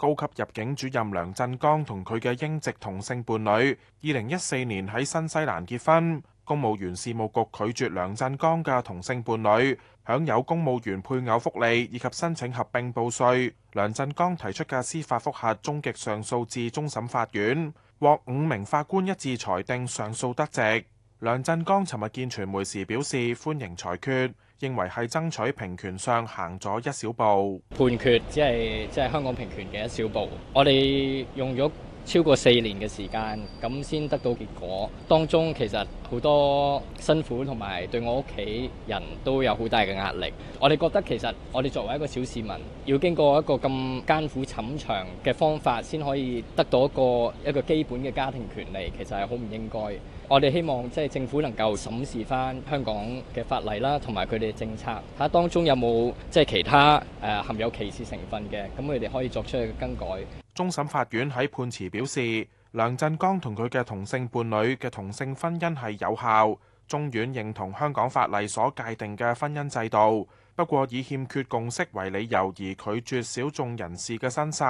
高級入境主任梁鎮罡同佢嘅英籍同性伴侶，二零一四年喺新西蘭結婚。公務員事務局拒絕梁鎮罡嘅同性伴侶享有公務員配偶福利以及申請合併報稅。梁鎮罡提出嘅司法覆核終極上訴至終審法院，獲五名法官一致裁定上訴得直。梁鎮罡尋日見傳媒時表示歡迎裁決，認為係爭取平權上行咗一小步。判決只係即係香港平權嘅一小步，我哋用咗超過四年嘅時間，咁先得到結果。當中其實好多辛苦，同埋對我屋企人都有好大嘅壓力。我哋覺得其實我哋作為一個小市民，要經過一個咁艱苦、慘長嘅方法，先可以得到一個一個基本嘅家庭權利，其實係好唔應該。我哋希望即係政府能夠審視返香港嘅法例啦，同埋佢哋嘅政策，睇下當中有冇即係其他誒含有歧視成分嘅，咁佢哋可以作出一個更改。終審法院喺判詞表示，梁鎮罡同佢嘅同性伴侶嘅同性婚姻係有效，終院認同香港法例所界定嘅婚姻制度。不過，以欠缺共識為理由而拒絕小眾人士嘅申索，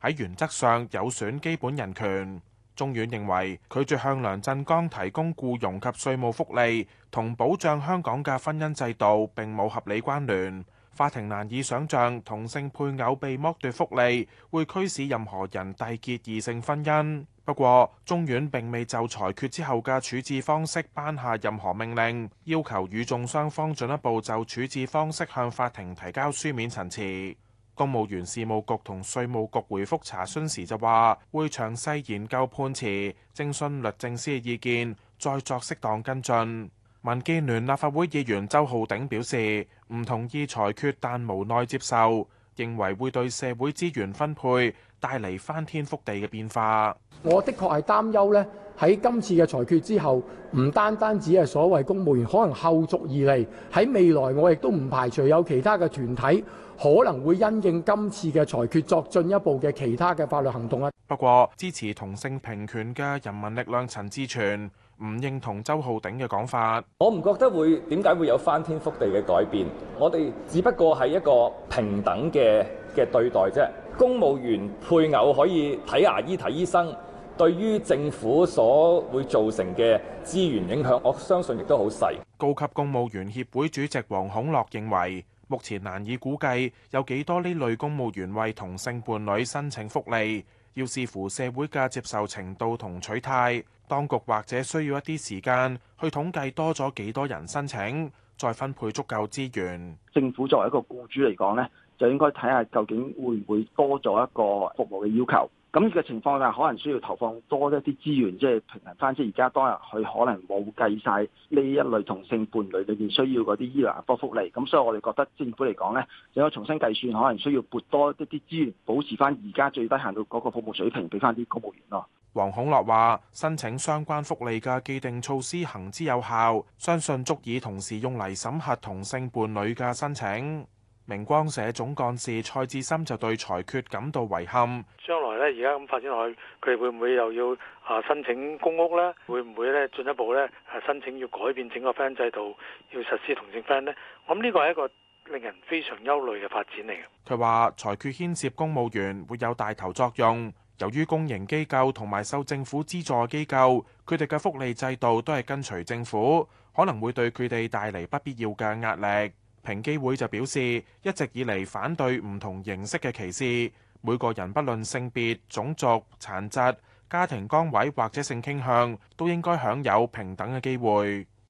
喺原則上有損基本人權。終院認為，拒絕向梁鎮罡提供僱傭及稅務福利，同保障香港嘅婚姻制度並冇合理關聯。法庭難以想像同性配偶被剝奪福利會驅使任何人締結異性婚姻。不過，中院並未就裁決之後嘅處置方式頒下任何命令，要求與訟雙方進一步就處置方式向法庭提交書面陳詞。公務員事務局同稅務局回覆查詢時就話，會詳細研究判詞，徵詢律政司嘅意見，再作適當跟進。民建聯立法會議員周浩鼎表示，唔同意裁決，但無奈接受，認為會對社會資源分配帶嚟翻天覆地嘅變化。我的確係擔憂呢。喺今次嘅裁決之後，唔單單只係所謂公務員，可能後續而嚟喺未來，我亦都唔排除有其他嘅團體可能會因應今次嘅裁決作進一步嘅其他嘅法律行動啊。不過，支持同性平權嘅人民力量陳志全唔認同周浩鼎嘅講法，我唔覺得會點解會有翻天覆地嘅改變。我哋只不過係一個平等嘅嘅對待啫。公務員配偶可以睇牙醫、睇醫生。對於政府所會造成嘅資源影響，我相信亦都好細。高級公務員協會主席王孔樂認為，目前難以估計有幾多呢類公務員為同性伴侶申請福利，要視乎社會嘅接受程度同取態。當局或者需要一啲時間去統計多咗幾多人申請，再分配足夠資源。政府作為一個雇主嚟講呢，就應該睇下究竟會唔會多咗一個服務嘅要求。咁嘅情況下可能需要投放多一啲資源，即係平衡翻。即係而家當日佢可能冇計晒呢一類同性伴侶裏邊需要嗰啲醫療多福利。咁所以我哋覺得政府嚟講咧，如果重新計算，可能需要撥多一啲資源，保持翻而家最低限度嗰個服務水平，俾翻啲公務員咯。黃孔樂話：申請相關福利嘅既定措施行之有效，相信足以同時用嚟審核同性伴侶嘅申請。明光社總幹事蔡志森就對裁決感到遺憾。而家咁發展落去，佢哋會唔會又要啊申請公屋咧？會唔會咧進一步咧申請要改變整個婚姻制度，要實施同性婚姻咧？咁呢個係一個令人非常憂慮嘅發展嚟嘅。佢話裁決牽涉公務員會有帶頭作用，由於公營機構同埋受政府資助機構，佢哋嘅福利制度都係跟隨政府，可能會對佢哋帶嚟不必要嘅壓力。平機會就表示，一直以嚟反對唔同形式嘅歧視。每個人不論性別、種族、殘疾、家庭崗位或者性傾向，都應該享有平等嘅機會。